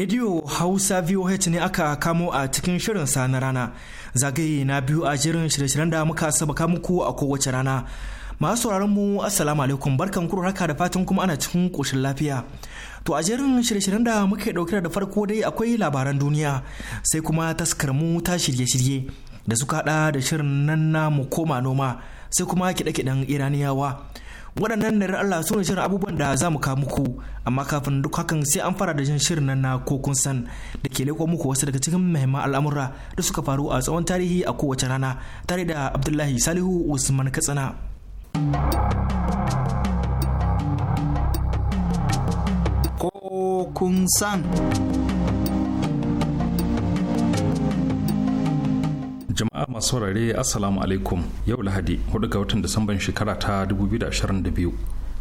Radio Hausa VOH ne aka kamo a cikin shirin sa na rana. Zagaye na biyu a jirin shirye-shiryen da muka sabaka muku a kowace rana. Masu mu Assalamu alaikum barkan kuro haka da fatan kuma ana cikin koshin lafiya. To a jerin shirye-shiryen da muke dauke da farko dai akwai labaran duniya sai kuma taskar mu ta shirye-shirye da suka hada da shirin nan na mu koma noma sai kuma kiɗe-kiɗen Iraniyawa. waɗannan da Allah su ne shirin abubuwan da za mu ka muku amma kafin duk hakan sai an fara da jin shirin nan na ko kun san da ke leƙo muku wasu daga cikin muhimman al'amura da suka faru a tsawon tarihi a kowace rana tare da Abdullahi Salihu Usman Katsina. Ko kun san. jama'a masu saurare assalamu alaikum yau lahadi 4 ga watan disamban shekara ta 2022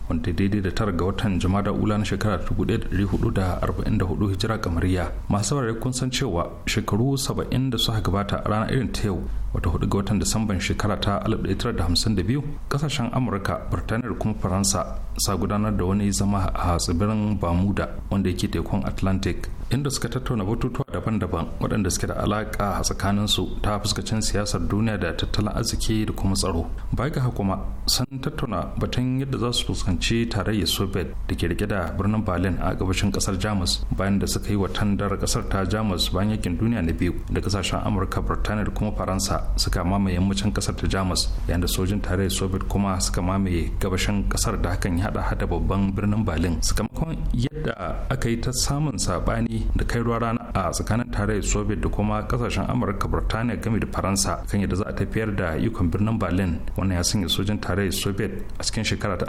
wanda daidai da tara ga watan jama'a ula na shekara 1444 hijira kamariya masu saurare kun san cewa shekaru 70 da suka gabata a ranar irin ta yau wata 4 ga watan disamban shekara ta 1952 kasashen amurka birtaniya kuma faransa sa gudanar da wani zama a tsibirin bamuda wanda yake tekun atlantic inda suka tattauna batutuwa daban-daban waɗanda suke da alaƙa a tsakaninsu ta fuskacin siyasar duniya da tattalin arziki da kuma tsaro bai ga kuma sun tattauna batun yadda za su fuskanci tarayyar soviet da ke rike da birnin berlin a gabashin kasar jamus bayan da suka yi wa tandar kasar ta jamus bayan yakin duniya na biyu da kasashen amurka birtaniya da kuma faransa suka mamaye yammacin kasar ta jamus yayin da sojin tarayyar soviet kuma suka mamaye gabashin kasar da hakan ya haɗa hada babban birnin berlin suka sakamakon yadda aka yi ta samun sabani da kai ruwa rana a tsakanin tarayyar soviet da kuma kasashen amurka birtaniya game da faransa kan yadda za a tafiyar da ikon birnin berlin wannan ya sanya sojin tarayyar soviet a cikin shekara ta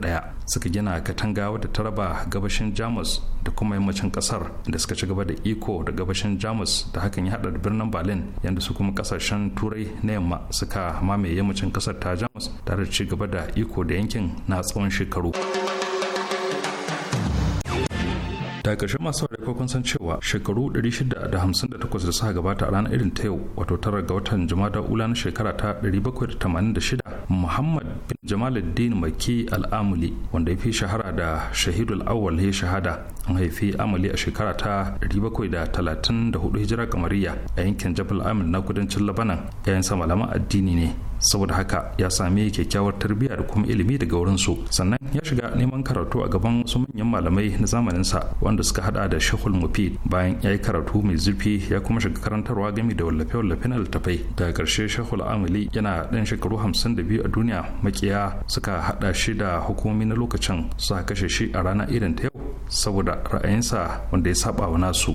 daya suka gina katanga wadda ta raba gabashin jamus da kuma yammacin kasar da suka ci gaba da iko da gabashin jamus da hakan ya hada da birnin berlin yadda su kuma kasashen turai na yamma suka mamaye yammacin kasar ta jamus tare da ci gaba da iko da yankin na tsawon shekaru. ta karshe masu rai ko kun san cewa shekaru 658 da suka gabata a ranar irin ta yau wato tara ga watan jumada ula na shekara ta 786 muhammad bin jamaluddin maki al'amuli wanda ya fi shahara da shahidul awwal ya shahada an haifi amali a shekara ta 734 hijira kamariya a yankin jabal amin na kudancin labanan yayin sa malaman addini ne saboda haka ya sami kyakkyawar tarbiyya da kuma ilimi daga wurinsu sannan ya shiga neman karatu a gaban wasu manyan malamai na zamaninsa wanda suka hada da shehul mufid bayan ya yi karatu mai zurfi ya kuma shiga karantarwa game da wallafe-wallafe na littafai daga karshe shehul amali yana dan shekaru hamsin da biyu a duniya makiya suka hada shi da hukumomi na lokacin suka kashe shi a rana irin ta yau saboda ra'ayinsa wanda ya saba wa nasu.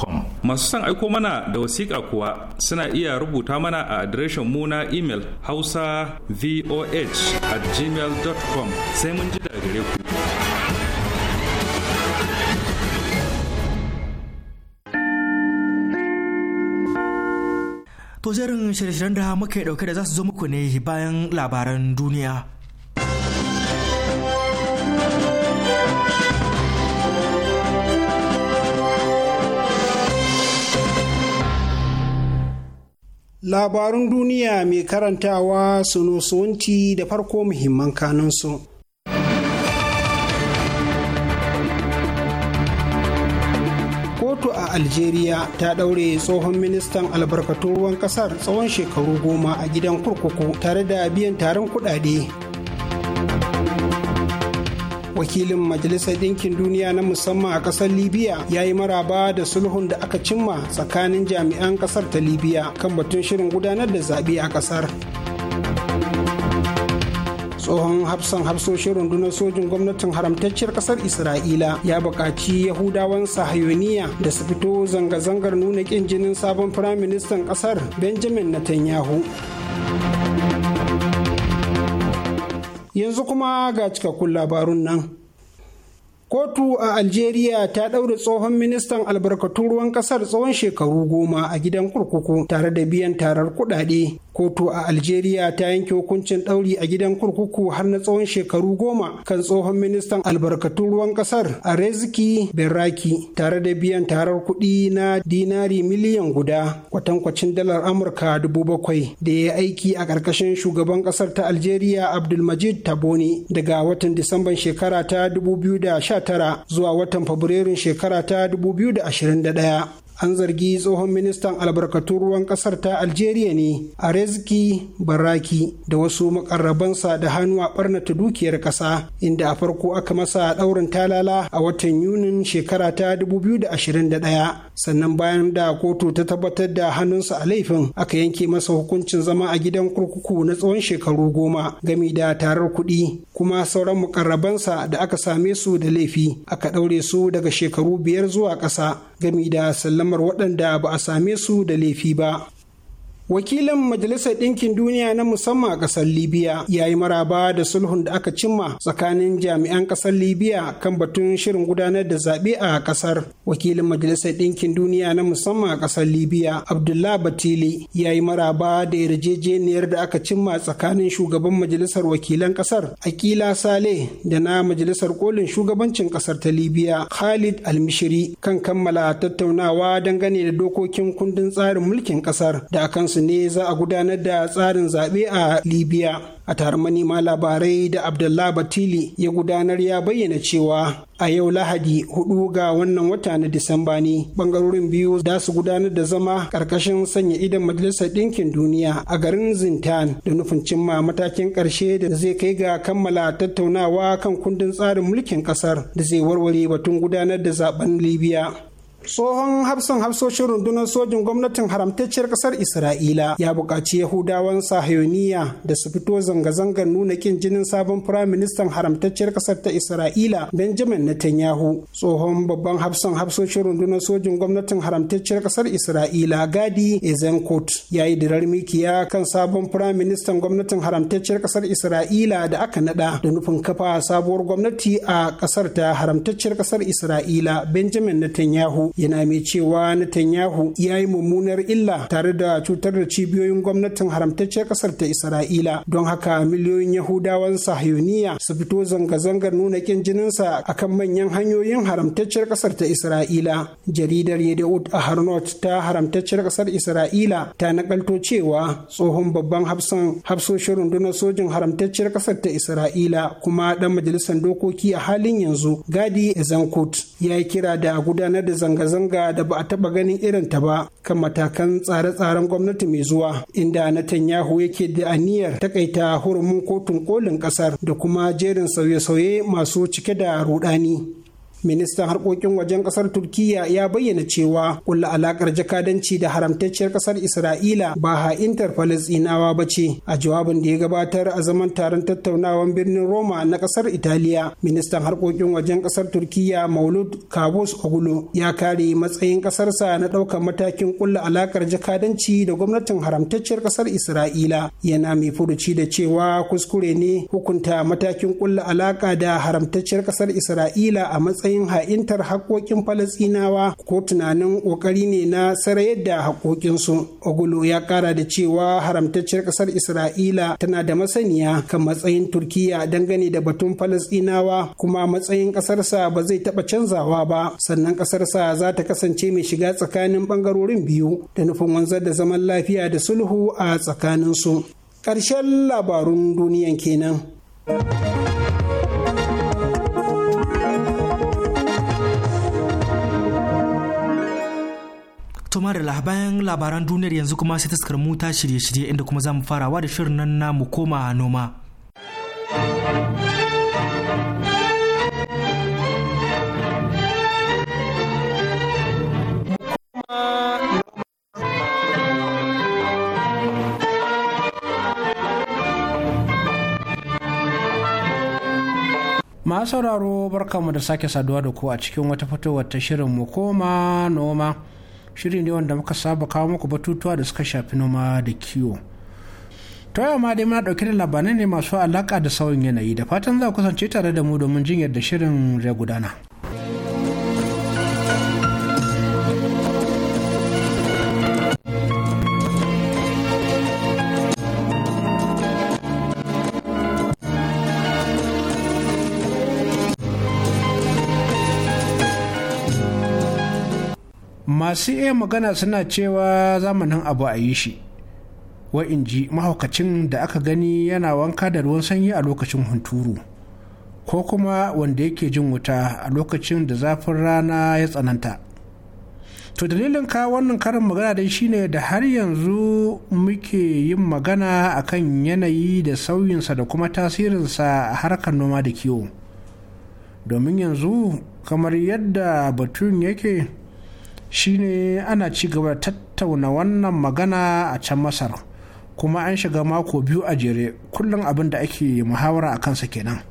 com masu son aiko mana da wasiƙa kuwa suna iya rubuta mana a adireshin mu na imel hausa voh at gmail.com sai mun ji daga gare ku To jerin shirye-shiryen da muke dauke da za su zo muku ne bayan labaran duniya. Labarun duniya mai karantawa sunusunti da farko muhimman kanunsu. Kotu a Algeria ta ɗaure tsohon ministan albarkatun ruwan ƙasar tsawon shekaru goma a gidan kurkuku tare da biyan tarin kuɗaɗe. wakilin majalisar ɗinkin duniya na musamman a ƙasar libya ya yi maraba da sulhun da aka cimma tsakanin jami'an ƙasar ta libya kan batun shirin gudanar da zaɓe a ƙasar tsohon hafsan hafsoshin rundunar sojin gwamnatin haramtacciyar kasar isra'ila ya buƙaci yahudawan sahayoniya da su fito zanga-zangar nuna ƙin jinin sabon firaministan ƙasar benjamin netanyahu yanzu kuma ga cikakkun labarun nan kotu a algeria ta ɗaure tsohon ministan albarkatun ruwan ƙasar tsawon shekaru goma a gidan kurkuku tare da biyan tarar kuɗaɗe kotu a algeria ta yanke hukuncin ɗauri a gidan kurkuku har na tsawon shekaru goma kan tsohon ministan albarkatun ruwan ƙasar areziki berraki tare da biyan tarar kuɗi na dinari miliyan guda kwatankwacin dalar amurka dubu bakwai da ya aiki a ƙarƙashin shugaban ƙasar ta algeria abdulmajid taboni daga watan disamban shekara ta 2019 zuwa watan fabrairun shekara ta 2021 an zargi tsohon ministan albarkatun ruwan kasar ta algeria ne a rezki baraki da wasu makarrabansa da hannu a barnata dukiyar kasa inda a farko aka masa daurin talala a watan yunin shekara ta 2021 sannan bayan da kotu ta tabbatar da hannunsa a laifin aka yanke masa hukuncin zama a gidan kurkuku na tsawon shekaru goma gami da tarar kuɗi kuma sauran makarrabansa da aka same su da laifi aka ɗaure su daga shekaru biyar zuwa ƙasa gami da sallamar waɗanda ba a same su da laifi ba Wakilin Majalisar Ɗinkin Duniya na musamman a ƙasar Libya ya yi maraba da sulhun da aka cimma tsakanin jami'an ƙasar Libya kan batun shirin gudanar da zaɓe a ƙasar. Wakilin Majalisar Ɗinkin Duniya na musamman a ƙasar Libya Abdullah Batili ya yi maraba da yarjejeniyar da aka cimma tsakanin shugaban Majalisar Wakilan ƙasar Akila Sale da na Majalisar Kolin Shugabancin ƙasar ta Libya Khalid Almishiri kan kammala tattaunawa dangane da dokokin kundin tsarin mulkin ƙasar da akansu su ne za a gudanar da tsarin zaɓe a libya a taron manema labarai da abdullah batili ya gudanar ya bayyana cewa a yau lahadi hudu ga wannan wata na disamba ne bangarorin biyu za su gudanar da zama karkashin sanya idan majalisar ɗinkin duniya a garin zintan da nufin cimma matakin ƙarshe da zai kai ga kammala tattaunawa kan kundin tsarin mulkin ƙasar da zai warware batun gudanar da zaben libya tsohon hafsan hafsoshin rundunar sojin gwamnatin haramtacciyar ƙasar isra'ila ya buƙaci yahudawan sahayoniya da su fito zanga-zangar nuna kin jinin sabon firaministan haramtacciyar kasar ta isra'ila benjamin netanyahu tsohon babban hafsan hafsoshin rundunar sojin gwamnatin haramtacciyar ƙasar isra'ila gadi ezenkot ya yi dirar mikiya kan sabon firaministan gwamnatin haramtacciyar ƙasar isra'ila da aka naɗa, da nufin kafa sabuwar gwamnati a ƙasar ta haramtacciyar kasar isra'ila benjamin netanyahu yana mai cewa Netanyahu ya yi mummunar illa tare da cutar da cibiyoyin gwamnatin haramtacciyar ƙasar ta Isra'ila don haka miliyoyin Yahudawan Sahiyoniya su fito zanga-zangar nuna kin jininsa akan manyan hanyoyin haramtacciyar ƙasar ta Isra'ila. Jaridar Yedeut Aharnot ta haramtacciyar ƙasar Isra'ila ta nakalto cewa tsohon babban hafsan hafsoshin rundunar sojin haramtacciyar ƙasar ta Isra'ila kuma ɗan majalisar dokoki a halin yanzu Gadi Ezenkut ya yi kira da gudanar da zanga zanga-zanga da ba a taɓa ganin irin ta ba kan matakan tsare-tsaren gwamnati mai zuwa inda Netanyahu yake da aniyar takaita hurumin kotun kolin ƙasar da kuma jerin sauye-sauye masu cike da rudani. ministan harkokin wajen kasar turkiya ya bayyana cewa kulla alakar jakadanci da haramtacciyar kasar isra'ila ba ha ha'intar falastinawa ba ce a jawabin da ya gabatar a zaman taron tattaunawan birnin roma na kasar italiya ministan harkokin wajen kasar turkiya maulud kabus oglu ya kare matsayin kasarsa na ɗaukar matakin kulla alakar jakadanci da gwamnatin haramtacciyar kasar isra'ila yana mai furuci da cewa kuskure ne hukunta matakin kulla alaka da haramtacciyar kasar isra'ila a matsayin matsayin ha'intar haƙoƙin falasinawa ko tunanin ƙoƙari ne na sarayar da haƙoƙinsu ogulo ya ƙara da cewa haramtacciyar ƙasar isra'ila tana da masaniya kan matsayin turkiya dangane da batun falasinawa kuma matsayin ƙasarsa ba zai taɓa canzawa ba sannan ƙasarsa za ta kasance mai shiga tsakanin ɓangarorin biyu da nufin wanzar da zaman lafiya da sulhu a tsakaninsu ƙarshen labarun duniyan kenan. da bayan labaran duniyar yanzu kuma sai taskar mu ta shirye-shirye inda kuma za mu farawa da shirin nan na mu koma noma. Ma sauraro barkamu da sake saduwa da ku a cikin wata fitowar ta shirin mu koma noma shiri ne wanda muka saba kawo muku batutuwa da suka shafi noma da kiwo ta yau ma dai muna dauke da labarai ne masu alaƙa da sauyin yanayi da fatan za ku kusance tare da mu domin jinyar da shirin ya gudana masu iya magana suna cewa zamanin abu a yi shi in ji mahaukacin da aka gani yana wanka da ruwan sanyi a lokacin hunturu ko kuma wanda yake jin wuta a lokacin da zafin rana ya tsananta to dalilin ka wannan karin magana dai shine da har yanzu muke yin magana akan yanayi da sauyinsa da kuma tasirinsa a harkar noma da kiwo domin yanzu kamar yadda batun yake shine ana ci gaba da tattauna wannan magana a can masar kuma an shiga mako biyu a jere kullum abin da ake muhawara a kansa kenan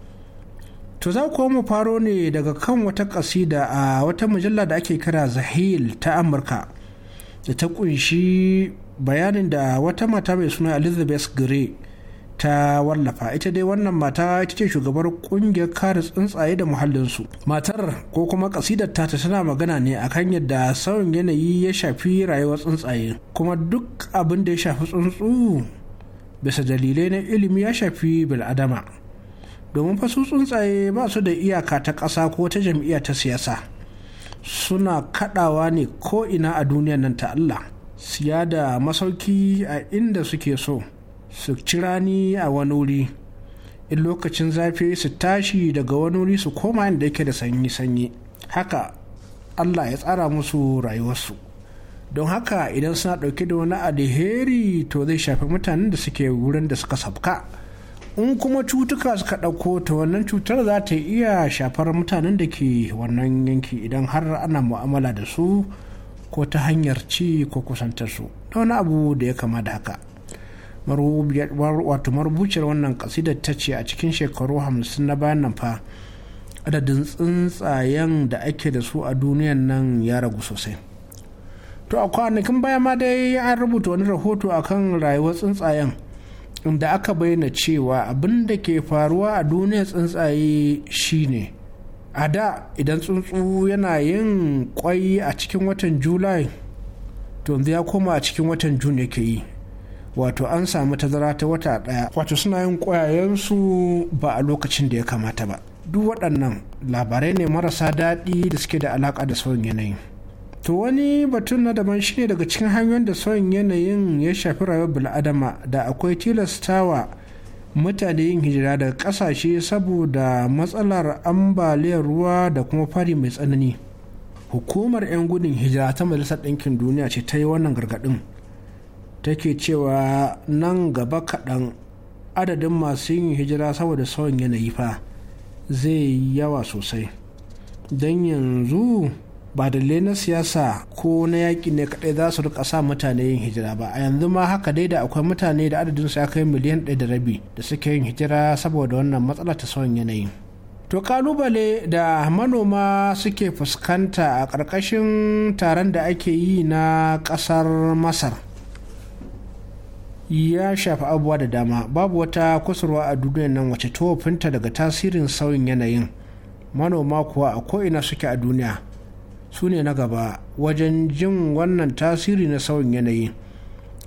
to za kuwa mu faro ne daga kan wata kasida a wata mujalla da ake kira zahil ta amurka da ta kunshi bayanin da wata mata mai suna elizabeth gray ta wallafa ita dai wannan mata ita ce shugabar kungiyar kare tsuntsaye da muhallinsu matar ko kuma kasidar ta tana magana ne akan yadda sauyin yanayi ya shafi rayuwar tsuntsaye kuma duk abin da ya shafi tsuntsu bisa dalilai na ilimi ya shafi bil'adama domin fasu tsuntsaye ba su da iyaka ta ƙasa ko ta jam'iyya ta siyasa suna kaɗawa ne ko ina a duniyar nan ta Allah siya da masauki a inda suke so su ci rani a wani wuri in lokacin zafi su tashi daga wani wuri su koma inda yake da sanyi-sanyi haka allah ya tsara musu rayuwarsu don haka idan suna ɗauke da wani alheri to zai shafi mutanen da suke wurin da suka sabka in kuma cutuka suka ɗauko ta wannan cutar za ta iya shafar mutanen da ke wannan yanki idan har ana mu'amala da su ko ta hanyar ci ko kusantarsu su da abu da ya kama da haka wato marubuciyar wannan kasidar ta ce a cikin shekaru hamsin na bayan nan fa adadin tsuntsayen da ake da su a duniyan nan ya ragu sosai to a kwanakin baya ma dai an rubuta wani rahoto a kan rayuwar tsuntsayen inda aka bayyana cewa abin da ke faruwa a duniyar tsuntsaye shine a da idan tsuntsu yana yin kwai a cikin watan julai to ya koma a cikin watan jun yake yi wato an samu tazara ta wata ɗaya wato suna yin ƙwayayensu ba a lokacin da ya kamata ba duk waɗannan labarai ne marasa daɗi da suke da alaƙa da sauyin yanayi to wani batun na daban shine daga cikin hanyoyin da sauyin yanayin ya shafi rayuwar bil'adama da akwai tilastawa mutane yin hijira daga ƙasashe saboda matsalar ambaliyar ruwa da kuma fari mai tsanani hukumar 'yan gudun hijira ta majalisar ɗinkin duniya ce ta yi wannan gargaɗin take cewa nan gaba kaɗan adadin masu yin hijira saboda sauyin yanayi fa zai yawa sosai don yanzu ba da na siyasa ko na yaƙi ne kaɗai za su rika sa mutane yin hijira ba a yanzu ma haka dai da akwai mutane da adadin su ya kai miliyan ɗaya da rabi da suke yin hijira saboda wannan matsala ta sauyin yanayi to kalubale da manoma suke fuskanta a ƙarƙashin taron da ake yi na ƙasar masar ya shafi abubuwa da dama babu wata kusurwa a duniyar nan wace tofinta daga tasirin sauyin yanayin manoma kuwa a ko'ina suke a duniya su ne na gaba wajen jin wannan tasiri na sauyin yanayi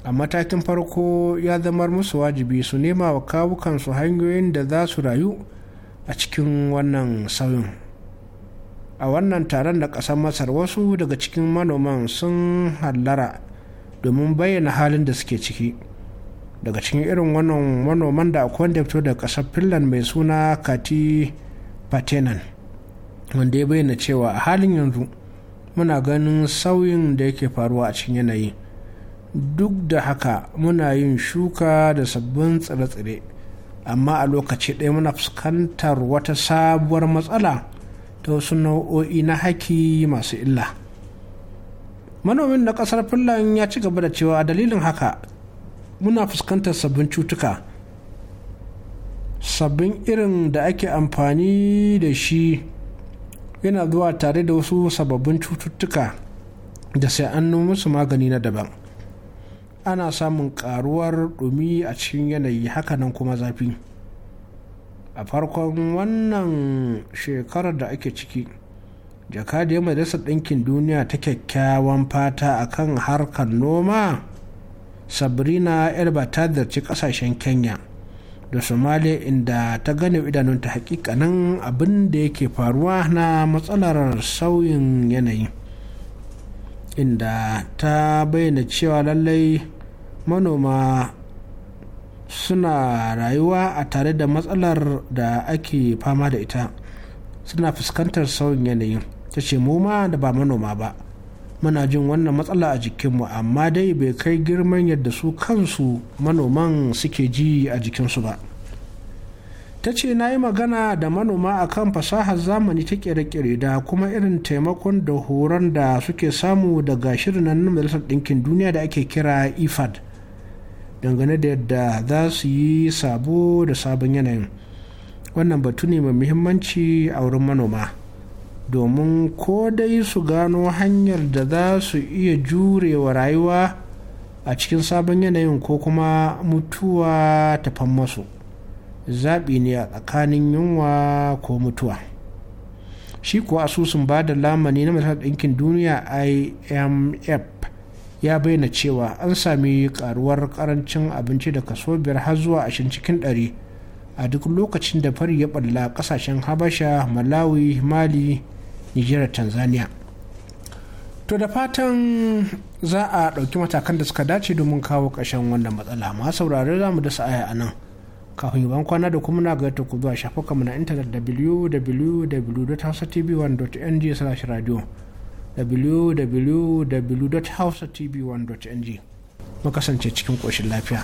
a matakin farko ya zamar musu wajibi su nema wa kawukansu hanyoyin da za su rayu a cikin wannan sauyin a wannan taron da ƙasar masar wasu daga cikin manoman sun hallara domin bayyana halin da suke ciki. daga cikin irin wannan manoman da akwai wanda ya fito daga ƙasar finland mai suna kati patenan wanda ya bayyana cewa a halin yanzu muna ganin sauyin da yake faruwa a cikin yanayi duk da haka muna yin shuka da sabbin tsire-tsire amma a lokaci ɗaya muna fuskantar wata sabuwar matsala ta wasu nau'o'i na haki masu illa manomin na ƙasar finland ya ci gaba da cewa a dalilin haka muna fuskantar sabbin cutuka sabbin irin da ake amfani da shi yana zuwa tare da wasu sababbin cututtuka da sai an musu magani na daban ana samun karuwar dumi a cikin yanayi hakanan kuma zafi a farkon wannan shekarar da ake ciki jaka da jakadiyar majalisar ɗinkin duniya ta kyakkyawan fata akan harkar noma sabrina elba ta zarci kasashen kenya da somalia inda ta gane idanunta hakikanin abin da yake faruwa na matsalar sauyin yanayi inda ta bayyana cewa lallai manoma suna rayuwa a tare da matsalar da ake fama da ita suna fuskantar sauyin yanayi ta ce mu ma da ba manoma ba muna jin wannan matsala a jikinmu amma dai bai kai girman yadda su kansu manoman suke ji a jikinsu ba ta ce na yi magana da manoma a kan fasahar zamani ta kere-kere da kuma irin taimakon da horon da suke samu daga shirin na majalisar ɗinkin duniya da ake kira ifad e dangane da yadda za su yi sabo da sabon yanayin wannan batu ne mai muhimmanci a wurin manoma. domin ko dai su gano hanyar da za su iya jurewa rayuwa a cikin sabon yanayin ko kuma mutuwa ta masu zaɓi ne a tsakanin yunwa ko mutuwa shi kuwa asusun ba da lamani na masarar ɗinkin duniya imf ya bayyana cewa an sami karuwar karancin abinci da kaso biyar har zuwa ashirin cikin ɗari a duk lokacin da fari ya ɓalla ƙasashen habasha malawi mali nigeria tanzania to da fatan za a ɗauki matakan da suka dace domin kawo ƙarshen wannan matsala ma saurare za mu da sa'aya a nan kafin ban kwana da kuma na gaita ku zuwa mu na intanet www.hausatv1.ng slash radio www.hausatv1.ng mu kasance cikin ƙoshin lafiya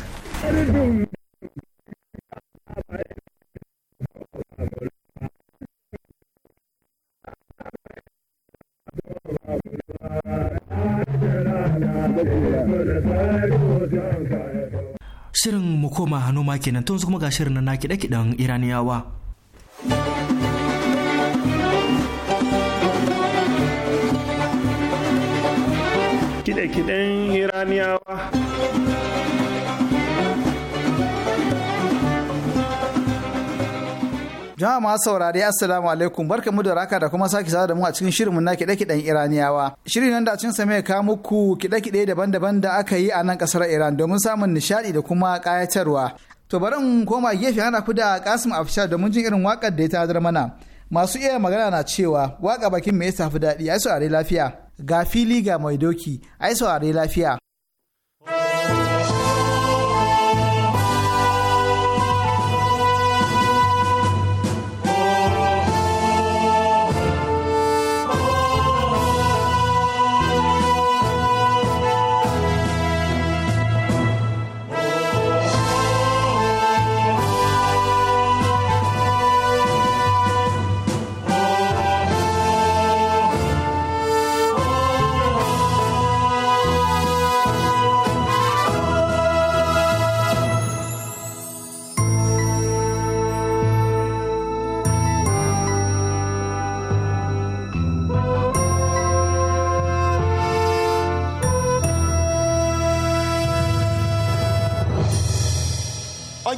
Shirin mu koma noma kenan tun kuma ga shirin na kiɗe kiɗan Iraniyawa. kiɗe kiɗan Iraniyawa. jama'a masu saurari assalamu alaikum barka mu da raka da kuma sake sada da mu a cikin shirinmu na kiɗe-kiɗen iraniyawa shirin nan da cin sa mai kawo muku kiɗe-kiɗe daban-daban da aka yi a nan ƙasar iran domin samun nishaɗi da kuma kayatarwa. to bari in koma gefe ana ku da kasim afshar domin jin irin waƙar da ya tazar mana masu iya magana na cewa waka bakin me ya tafi daɗi ai saurari lafiya ga fili ga mai doki ai saurari lafiya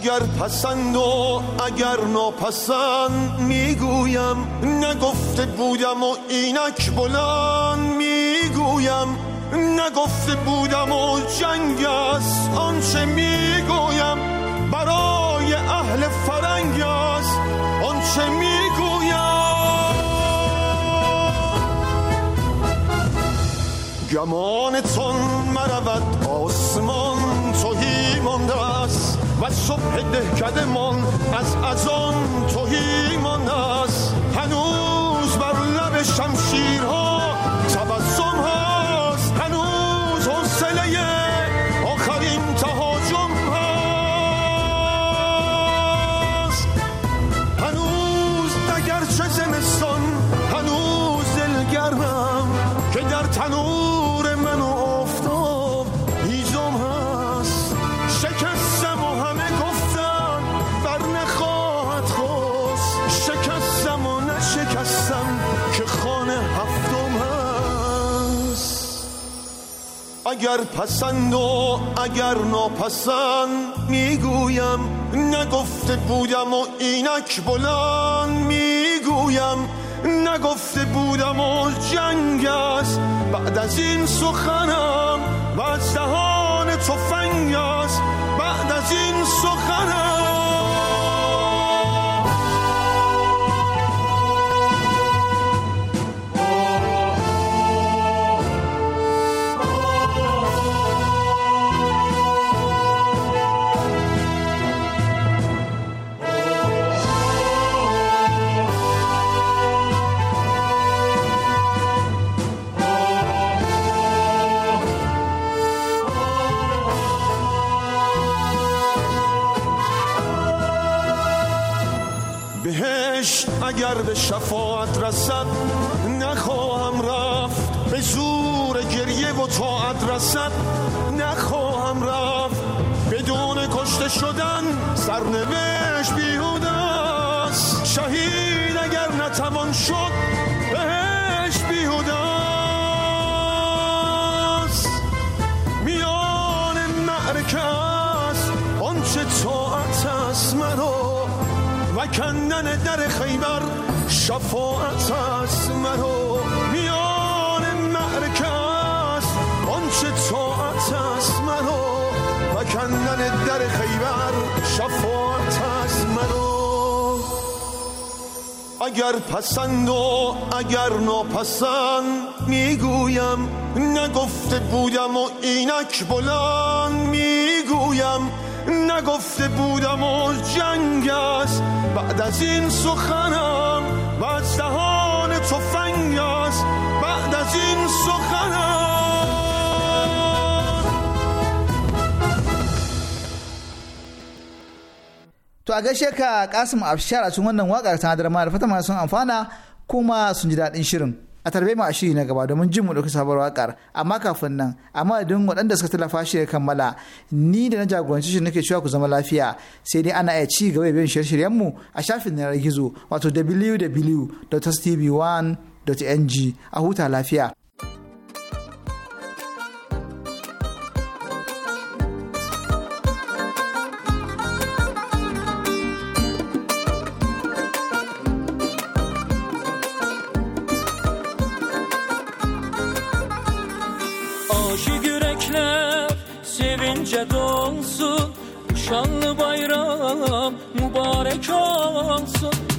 اگر پسند و اگر ناپسند میگویم نگفته بودم و اینک بلند میگویم نگفته بودم و جنگ است آنچه میگویم برای اهل فرنگ است آنچه میگویم گمانتون مرود و صبح من از از آن توهیمان است هنوز بر لب شمشیرها اگر پسند و اگر ناپسند میگویم نگفته بودم و اینک بلند میگویم نگفته بودم و جنگ است بعد از این سخنم و از دهان تفنگ است بعد از این سخنم شفاعت رسد نخواهم رفت به زور گریه و طاعت رسد نخواهم رفت بدون کشته شدن سرنوشت بیهود است شهید اگر نتوان شد بهش بیهود است میان معرکه است آنچه طاعت است مرا و کندن در خیبر شفاعت از مرا میان مرکز، است آنچه طاعت از مرا و کندن در خیبر شفاعت از رو اگر پسند و اگر ناپسند میگویم نگفته بودم و اینک بلند میگویم نگفته بودم و جنگ است بعد از این سخنم و از دهان است بعد از این to a gaishe ka kasim abshar a cikin wannan wakar ta da fata masu amfana kuma sun ji daɗin shirin a tarbe mu a shiri na gaba domin jin mu ɗauki sabuwar wakar amma kafin nan a madadin waɗanda suka tallafa shi ya kammala ni da na jagoranci shi nake cewa ku zama lafiya sai dai ana iya ci gaba da bin shirye-shiryen mu a shafin na gizo wato www.tv1.ng a huta lafiya.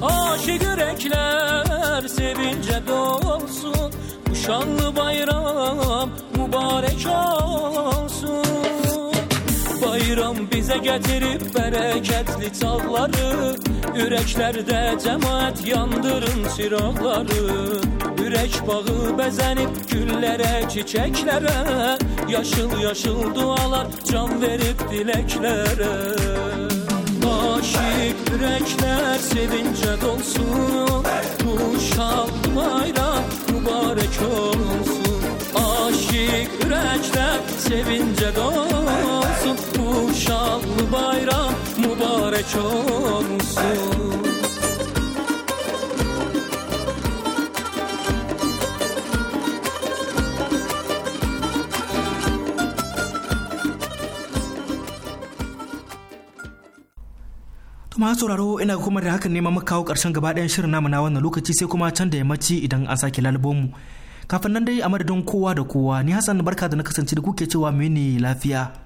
Aşık yürekler sevince dolsun Bu şanlı bayram mübarek olsun Bayram bize getirip bereketli talları Yüreklerde cemaat yandırın çıraqları Yürek bağı bezenip güllere çiçeklere Yaşıl yaşıl dualar can verip dileklere Aşık Yürekler sevince dolsun Bu şal bayram mübarek olsun Aşık yürekler sevince dolsun Bu şal bayram mübarek olsun ma sauraro ina kuma da hakan neman muka kawo karshen gaba ɗayan shirin namu na wannan lokaci sai kuma can da yammaci idan an sake lalubonmu. Kafin nan dai a madadin kowa da kowa ni Hassan barka da na kasance da kuke cewa mene lafiya.